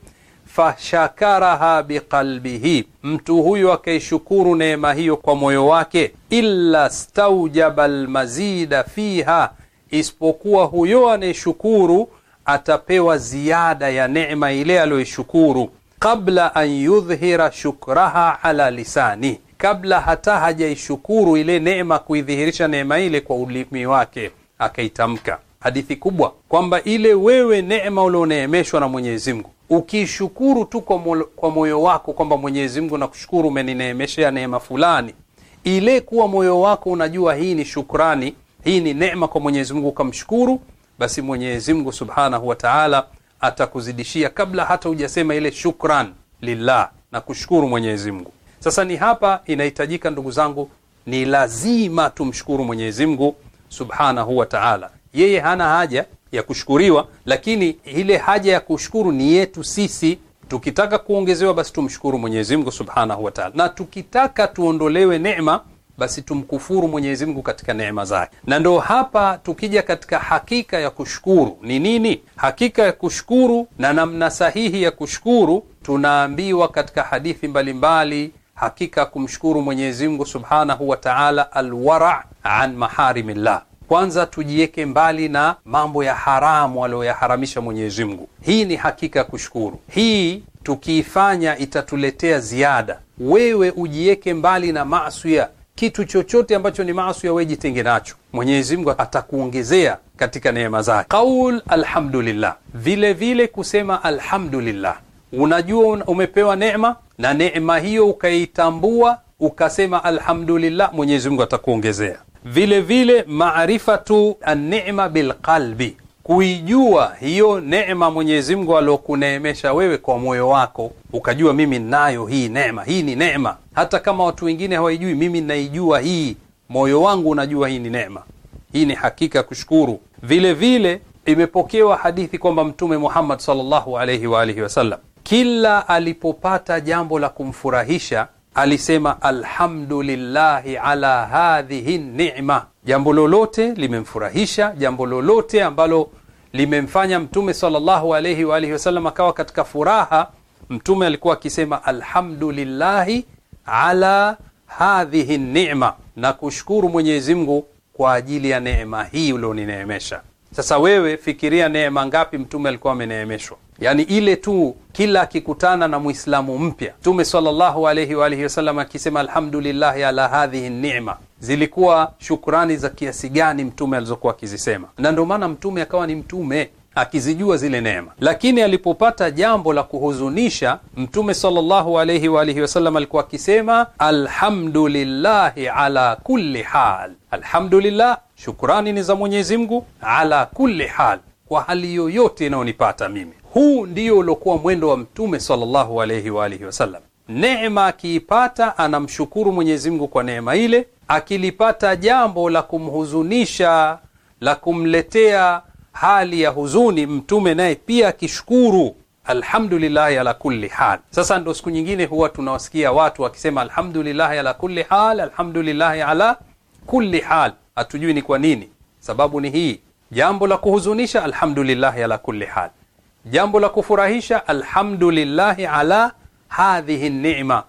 fashakaraha biqalbihi, mtu huyo akaishukuru neema hiyo kwa moyo wake. Illa staujaba lmazida fiha, isipokuwa huyo anayeshukuru atapewa ziada ya neema ile aliyoishukuru, kabla an yudhhira shukraha ala lisani, kabla hata hajaishukuru ile neema, kuidhihirisha neema ile kwa ulimi wake akaitamka. Hadithi kubwa kwamba ile wewe neema ulioneemeshwa na Mwenyezi Mungu ukiishukuru tu kwa moyo wako kwamba Mwenyezi Mungu nakushukuru, umenineemeshea neema fulani, ile kuwa moyo wako unajua hii ni shukrani, hii ni neema kwa Mwenyezi Mungu, ukamshukuru basi Mwenyezi Mungu subhanahu wa taala atakuzidishia kabla hata hujasema ile shukran lillah na kushukuru Mwenyezi Mungu. Sasa ni hapa inahitajika, ndugu zangu, ni lazima tumshukuru Mwenyezi Mungu subhanahu wa taala. Yeye hana haja ya kushukuriwa, lakini ile haja ya kushukuru ni yetu sisi. Tukitaka kuongezewa, basi tumshukuru Mwenyezi Mungu subhanahu wa taala, na tukitaka tuondolewe neema basi tumkufuru Mwenyezi Mungu katika neema zake. Na ndo hapa tukija katika hakika ya kushukuru ni nini? Hakika ya kushukuru na namna sahihi ya kushukuru, tunaambiwa katika hadithi mbalimbali mbali, hakika kumshukuru Mwenyezi Mungu subhanahu wa taala, alwara an maharimillah kwanza tujiweke mbali na mambo ya haramu aliyoyaharamisha Mwenyezi Mungu. Hii ni hakika ya kushukuru. Hii tukiifanya itatuletea ziada. Wewe ujiweke mbali na masia kitu chochote ambacho ni maasi ya wejitenge nacho, Mwenyezi Mungu atakuongezea katika neema zake. Qaul alhamdulillah, vile vile kusema alhamdulillah. Unajua umepewa neema na neema hiyo ukaitambua, ukasema alhamdulillah, Mwenyezi Mungu atakuongezea vile vile. Maarifatu bilqalbi kuijua hiyo neema Mwenyezi Mungu aliokuneemesha wewe kwa moyo wako, ukajua mimi nayo hii neema. Hii ni neema, hata kama watu wengine hawaijui, mimi naijua hii, moyo wangu unajua hii ni neema, hii ni hakika kushukuru. Vile vile imepokewa hadithi kwamba Mtume Muhammad sallallahu alayhi wa alihi wasallam kila alipopata jambo la kumfurahisha alisema alhamdulillahi ala hadhihi nima. Jambo lolote limemfurahisha, jambo lolote ambalo limemfanya Mtume sallallahu wa alihi wasallam akawa katika furaha. Mtume alikuwa akisema alhamdulillahi ala hadhihi ni'ma, na kushukuru Mwenyezi Mungu kwa ajili ya neema hii ulionineemesha. Sasa wewe fikiria neema ngapi Mtume alikuwa ameneemeshwa, yani ile tu, kila akikutana na mwislamu mpya Mtume sallallahu wa alihi wasallam akisema alhamdulillahi ala hadhihi ni'ma zilikuwa shukrani za kiasi gani mtume alizokuwa akizisema, na ndio maana mtume akawa ni mtume akizijua zile neema. Lakini alipopata jambo la kuhuzunisha, mtume sallallahu alayhi wa alihi wasallam alikuwa akisema alhamdulillahi ala kulli hal, alhamdulillah, shukrani ni za Mwenyezi Mungu, ala kulli hal, kwa hali yoyote inayonipata mimi. Huu ndio uliokuwa mwendo wa mtume sallallahu alayhi wa alihi wasallam. Neema akiipata anamshukuru Mwenyezi Mungu kwa neema ile akilipata jambo la kumhuzunisha la kumletea hali ya huzuni, Mtume naye pia akishukuru alhamdulillahi ala kulli hal. Sasa ndo siku nyingine huwa tunawasikia watu wakisema alhamdulillahi ala kulli hal, alhamdulillahi ala kulli hal. Hatujui ni kwa nini, sababu ni hii: jambo la kuhuzunisha alhamdulillahi ala kulli hal, jambo la kufurahisha alhamdulillahi ala hadhihi ni'ma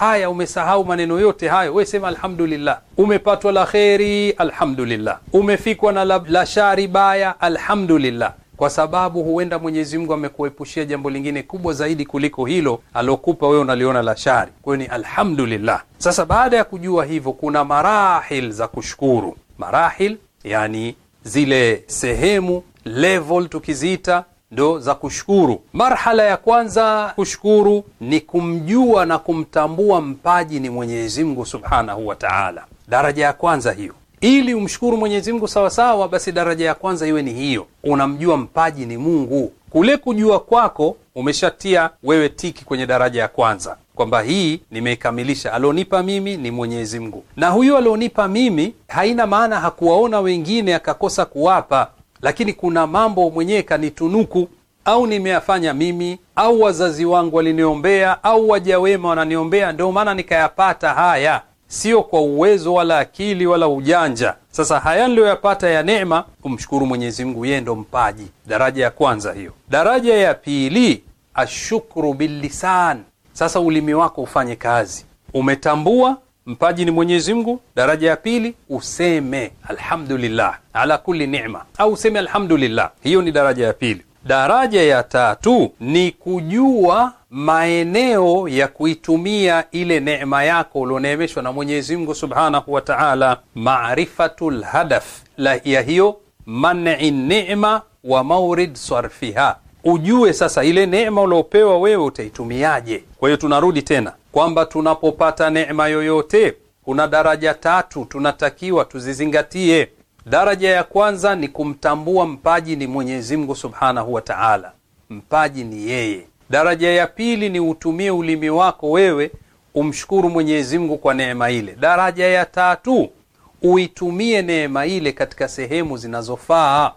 Haya, umesahau maneno yote hayo, we sema alhamdulillah. Umepatwa la kheri, alhamdulillah. Umefikwa na la, la shari baya, alhamdulillah, kwa sababu huenda Mwenyezi Mungu amekuepushia jambo lingine kubwa zaidi kuliko hilo alokupa wewe, unaliona la shari. Kwayo ni alhamdulillah. Sasa baada ya kujua hivyo, kuna marahil za kushukuru. Marahil yani zile sehemu level tukiziita ndo za kushukuru. Marhala ya kwanza kushukuru ni kumjua na kumtambua mpaji ni Mwenyezi Mungu subhanahu wa taala, daraja ya kwanza hiyo. Ili umshukuru Mwenyezi Mungu sawasawa, basi daraja ya kwanza iwe ni hiyo, unamjua mpaji ni Mungu. Kule kujua kwako umeshatia wewe tiki kwenye daraja ya kwanza kwamba hii nimeikamilisha, alionipa mimi ni Mwenyezi Mungu, na huyu alionipa mimi haina maana hakuwaona wengine akakosa kuwapa lakini kuna mambo mwenyewe kanitunuku au nimeyafanya mimi au wazazi wangu waliniombea au waja wema wananiombea, ndio maana nikayapata haya, sio kwa uwezo wala akili wala ujanja. Sasa haya niliyoyapata ya neema, umshukuru Mwenyezi Mungu, yeye ndo mpaji. Daraja ya kwanza hiyo. Daraja ya pili, ashukuru billisan. Sasa ulimi wako ufanye kazi, umetambua Mpaji ni Mwenyezi Mungu. Daraja ya pili useme alhamdulillah ala kulli ni'ma, au useme alhamdulillah. Hiyo ni daraja ya pili. Daraja ya tatu ni kujua maeneo ya kuitumia ile neema yako ulioneemeshwa na Mwenyezi Mungu subhanahu wa taala, marifatu lhadaf ya hiyo mani nima wa maurid sarfiha ujue sasa ile neema uliopewa wewe utaitumiaje. Kwa hiyo tunarudi tena kwamba tunapopata neema yoyote kuna daraja tatu tunatakiwa tuzizingatie. Daraja ya kwanza ni kumtambua mpaji ni Mwenyezi Mungu Subhanahu wa Ta'ala, mpaji ni yeye. Daraja ya pili ni utumie ulimi wako wewe umshukuru Mwenyezi Mungu kwa neema ile. Daraja ya tatu uitumie neema ile katika sehemu zinazofaa,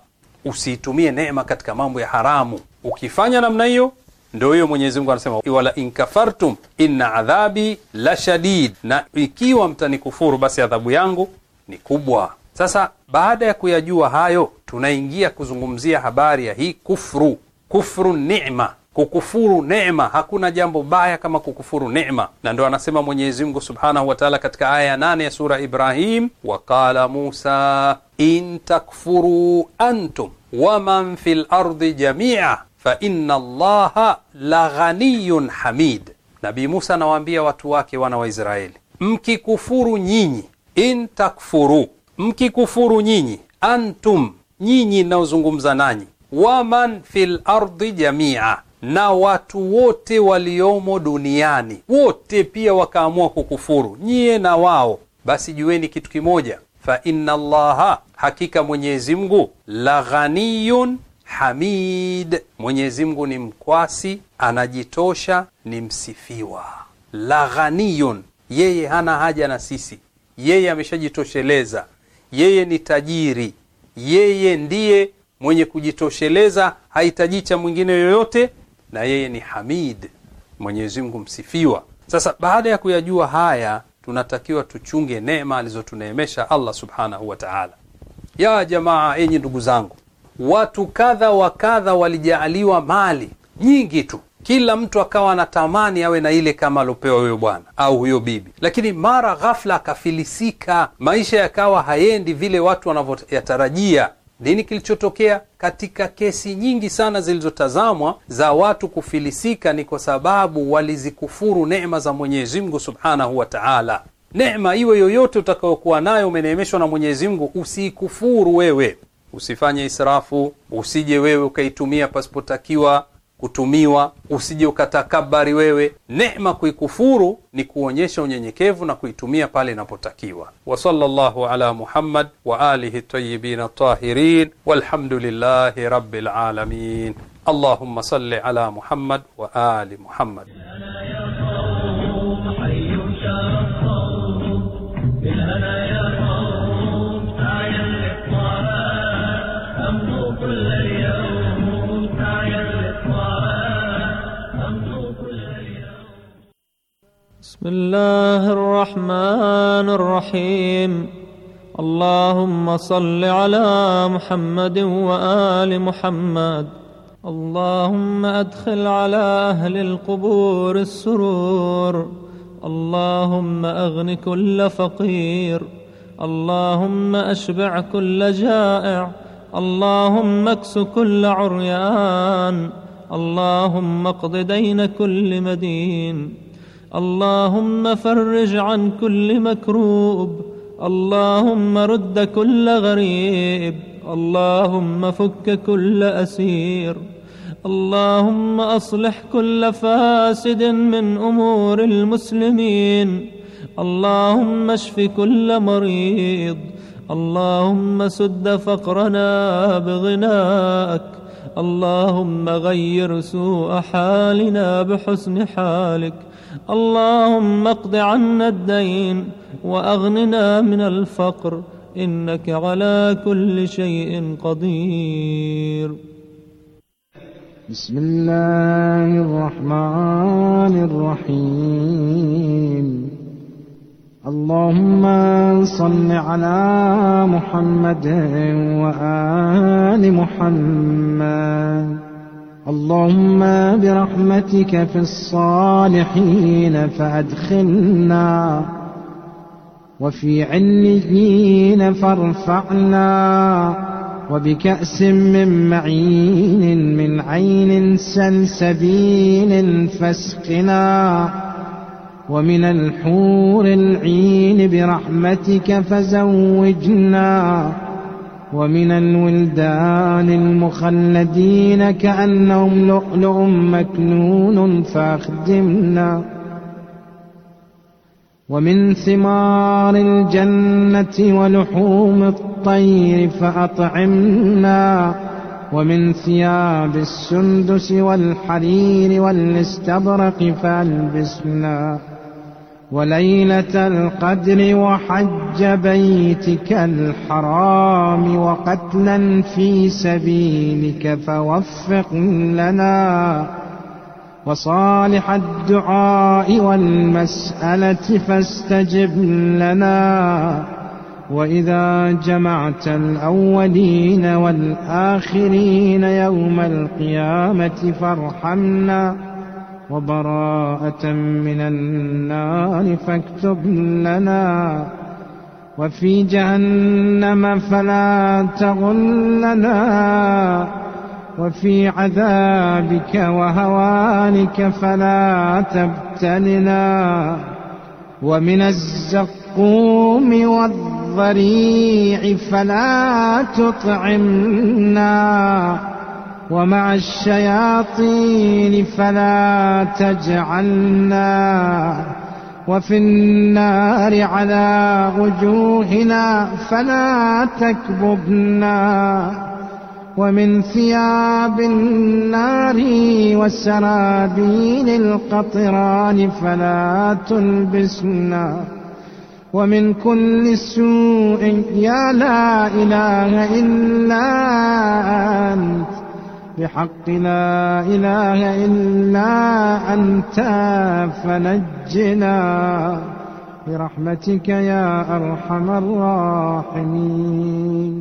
usiitumie neema katika mambo ya haramu. Ukifanya namna hiyo ndo hiyo Mwenyezi Mungu anasema wala inkafartum inna adhabi la shadid, na ikiwa mtanikufuru basi adhabu yangu ni kubwa. Sasa baada ya kuyajua hayo, tunaingia kuzungumzia habari ya hii kufru, kufru nema kukufuru nema. Hakuna jambo baya kama kukufuru nema, na ndo anasema Mwenyezi Mungu subhanahu wa taala katika aya ya nane ya sura Ibrahim, waqala Musa in takfuru antum waman fi lardi jamia fa inna Allaha la ghaniyun hamid. Nabii Musa anawaambia watu wake wana wa Israeli, mkikufuru nyinyi, in takfuru, mkikufuru nyinyi, antum, nyinyi naozungumza nanyi, waman fil ardi jamia, na watu wote waliomo duniani wote pia wakaamua kukufuru nyie na wao, basi jueni kitu kimoja, fa inna Allaha, hakika Mwenyezi Mungu la ghaniyun Hamid, Mwenyezi Mungu ni mkwasi, anajitosha, ni msifiwa. La ghaniyun, yeye hana haja na sisi, yeye ameshajitosheleza, yeye ni tajiri, yeye ndiye mwenye kujitosheleza, hahitaji cha mwingine yoyote, na yeye ni Hamid, Mwenyezi Mungu msifiwa. Sasa baada ya kuyajua haya, tunatakiwa tuchunge neema alizotuneemesha Allah subhanahu wa taala. Ya jamaa, enyi ndugu zangu watu kadha wa kadha walijaaliwa mali nyingi tu, kila mtu akawa anatamani awe na ile kama aliopewa huyo bwana au huyo bibi, lakini mara ghafla akafilisika, maisha yakawa hayendi vile watu wanavyoyatarajia. Nini kilichotokea? Katika kesi nyingi sana zilizotazamwa za watu kufilisika, ni kwa sababu walizikufuru neema za Mwenyezi Mungu subhanahu wa taala. Neema iwe yoyote utakayokuwa nayo, umeneemeshwa na Mwenyezi Mungu, usiikufuru wewe usifanye israfu, usije wewe ukaitumia pasipotakiwa kutumiwa, usije ukatakabari wewe. Neema kuikufuru ni kuonyesha unyenyekevu na kuitumia pale inapotakiwa. Wa sallallahu ala Muhammad wa alihi tayyibin tahirin walhamdulillahi rabbil alamin. Allahumma salli ala Muhammad wa ali Muhammad. بسم الله الرحمن الرحيم اللهم صل على محمد وآل محمد اللهم أدخل على أهل القبور السرور اللهم أغن كل فقير اللهم أشبع كل جائع اللهم اكس كل عريان اللهم اقض دين كل مدين اللهم فرج عن كل مكروب اللهم رد كل غريب اللهم فك كل اسير اللهم اصلح كل فاسد من امور المسلمين اللهم اشف كل مريض اللهم سد فقرنا بغناك اللهم غير سوء حالنا بحسن حالك اللهم اقض عنا الدين وأغننا من الفقر إنك على كل شيء قدير بسم الله الرحمن الرحيم اللهم صل على محمد وآل محمد اللهم برحمتك في الصالحين فأدخلنا وفي عليين فارفعنا وبكأس من معين من عين سلسبيل فاسقنا ومن الحور العين برحمتك فزوجنا ومن الولدان المخلدين كأنهم لؤلؤ مكنون فأخدمنا ومن ثمار الجنة ولحوم الطير فأطعمنا ومن ثياب السندس والحرير والاستبرق فألبسنا وليلة القدر وحج بيتك الحرام وقتلا في سبيلك فوفق لنا وصالح الدعاء والمسألة فاستجب لنا وإذا جمعت الأولين والآخرين يوم القيامة فارحمنا وبراءة من النار فاكتب لنا وفي جهنم فلا تغلنا وفي عذابك وهوانك فلا تبتلنا ومن الزقوم والضريع فلا تطعمنا ومع الشياطين فلا تجعلنا وفي النار على وجوهنا فلا تكببنا ومن ثياب النار والسرابين القطران فلا تلبسنا ومن كل سوء يا لا إله إلا أنت بحق لا إله إلا أنت فنجنا برحمتك يا أرحم الراحمين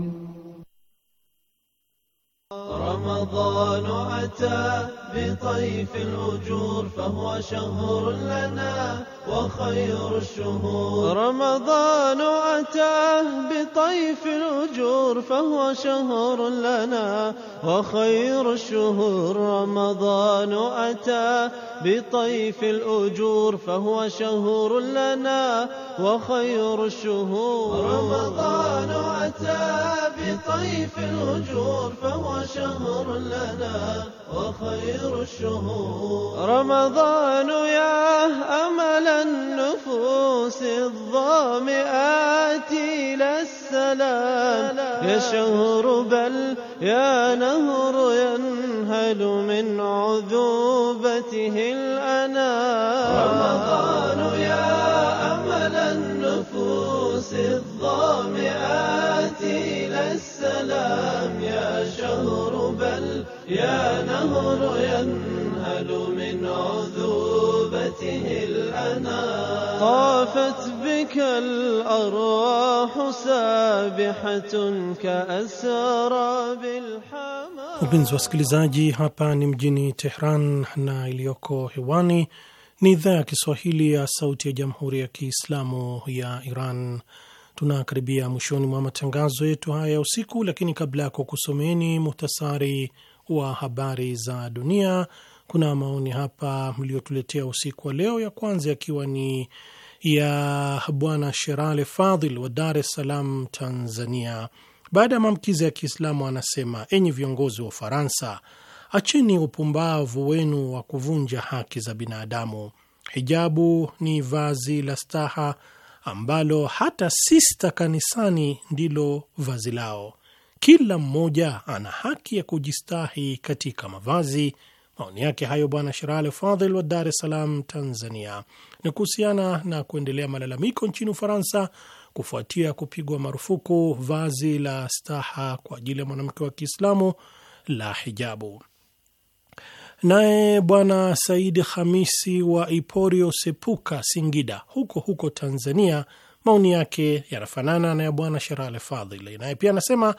رمضان أتى بطيف الأجور فهو شهر لنا وخير الشهور رمضان أتاه بطيف الأجور فهو شهر لنا وخير الشهور رمضان أتى بطيف الأجور فهو شهر لنا وخير الشهور رمضان أتى بطيف الأجور فهو شهر لنا وخير الشهور رمضان يا أمل النفوس الظامئات إلى السلام يا شهر بل يا نهر ينهل من عذوبته الأنام رمضان يا أمل النفوس الظامئات إلى السلام يا شهر بل يا نهر ينهل من عذوبته الأنام طافت بك الأرواح سابحة كأسراب الحمام Wapenzi wasikilizaji, hapa ni mjini Tehran na iliyoko hewani ni idhaa ya Kiswahili ya Sauti ya Jamhuri ya Kiislamu ya Iran. Tunakaribia mwishoni mwa matangazo yetu haya ya usiku, lakini kabla ya kukusomeni muhtasari wa habari za dunia kuna maoni hapa mliotuletea usiku wa leo, ya kwanza yakiwa ni ya Bwana Sherale Fadhil wa Dar es Salaam, Tanzania. Baada ya maamkizi ya Kiislamu anasema, enyi viongozi wa Ufaransa, acheni upumbavu wenu wa kuvunja haki za binadamu. Hijabu ni vazi la staha ambalo hata sista kanisani ndilo vazi lao. Kila mmoja ana haki ya kujistahi katika mavazi Maoni yake hayo Bwana Sherale Fadhil wa Dar es Salaam, Tanzania, ni kuhusiana na kuendelea malalamiko nchini Ufaransa kufuatia kupigwa marufuku vazi la staha kwa ajili ya mwanamke wa Kiislamu la hijabu. Naye Bwana Saidi Hamisi wa Iporio Sepuka, Singida, huko huko Tanzania, maoni yake yanafanana na ya Bwana Sherale Fadhili, naye pia anasema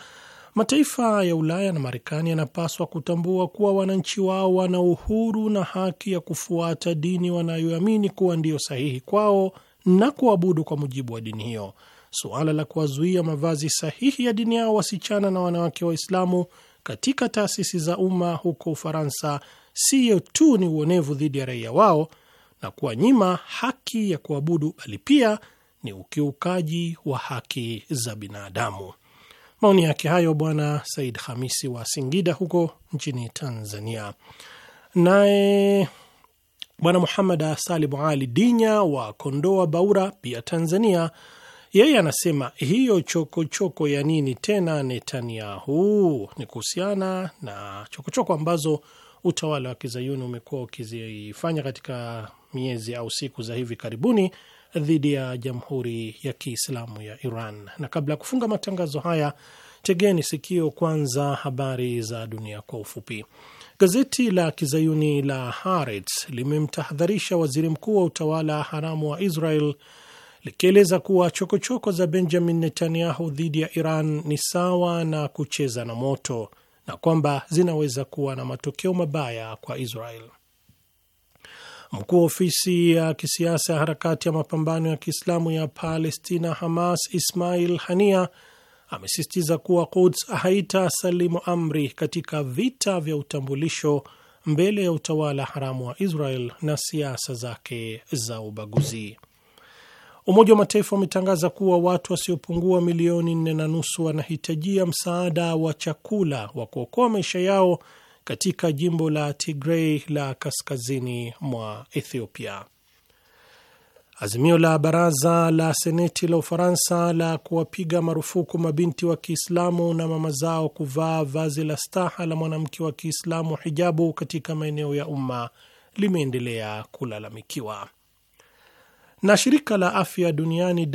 Mataifa ya Ulaya na Marekani yanapaswa kutambua kuwa wananchi wao wana uhuru na haki ya kufuata dini wanayoamini kuwa ndiyo sahihi kwao na kuabudu kwa mujibu wa dini hiyo. Suala la kuwazuia mavazi sahihi ya dini yao wasichana na wanawake Waislamu katika taasisi za umma huko Ufaransa siyo tu ni uonevu dhidi ya raia wao na kuwanyima haki ya kuabudu, bali pia ni ukiukaji wa haki za binadamu. Maoni yake hayo Bwana Said Hamisi wa Singida huko nchini Tanzania. Naye Bwana Muhammad Salimu Ali Dinya wa Kondoa Baura, pia Tanzania, yeye anasema hiyo chokochoko choko ya nini tena Netanyahu? Ni kuhusiana na chokochoko choko ambazo utawala wa kizayuni umekuwa ukizifanya katika miezi au siku za hivi karibuni dhidi ya Jamhuri ya Kiislamu ya Iran. Na kabla ya kufunga matangazo haya, tegeni sikio kwanza habari za dunia kwa ufupi. Gazeti la kizayuni la Haaretz limemtahadharisha waziri mkuu wa utawala haramu wa Israel likieleza kuwa chokochoko choko za Benjamin Netanyahu dhidi ya Iran ni sawa na kucheza na moto na kwamba zinaweza kuwa na matokeo mabaya kwa Israel. Mkuu wa ofisi ya kisiasa ya harakati ya mapambano ya Kiislamu ya Palestina, Hamas, Ismail Hania amesisitiza kuwa Quds haita salimu amri katika vita vya utambulisho mbele ya utawala haramu wa Israel na siasa zake za ubaguzi. Umoja wa Mataifa umetangaza kuwa watu wasiopungua milioni nne na nusu wanahitajia msaada wa chakula wa kuokoa maisha yao katika jimbo la Tigrei la kaskazini mwa Ethiopia. Azimio la baraza la seneti la Ufaransa la kuwapiga marufuku mabinti wa Kiislamu na mama zao kuvaa vazi la staha la mwanamke wa Kiislamu, hijabu, katika maeneo ya umma limeendelea kulalamikiwa. Na shirika la afya duniani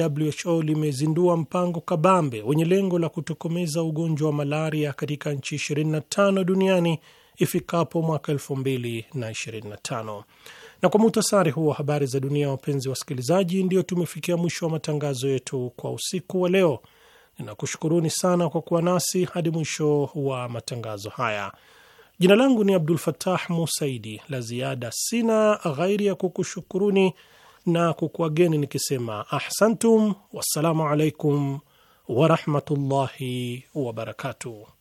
WHO limezindua mpango kabambe wenye lengo la kutokomeza ugonjwa wa malaria katika nchi 25 duniani ifikapo mwaka 2025. Na kwa muhtasari huo habari za dunia, wapenzi wasikilizaji, ndio tumefikia mwisho wa matangazo yetu kwa usiku wa leo. Ninakushukuruni sana kwa kuwa nasi hadi mwisho wa matangazo haya. Jina langu ni Abdul Fatah Musaidi. La ziada sina ghairi ya kukushukuruni na kukuageni nikisema ahsantum, wassalamu alaikum warahmatullahi wabarakatuh.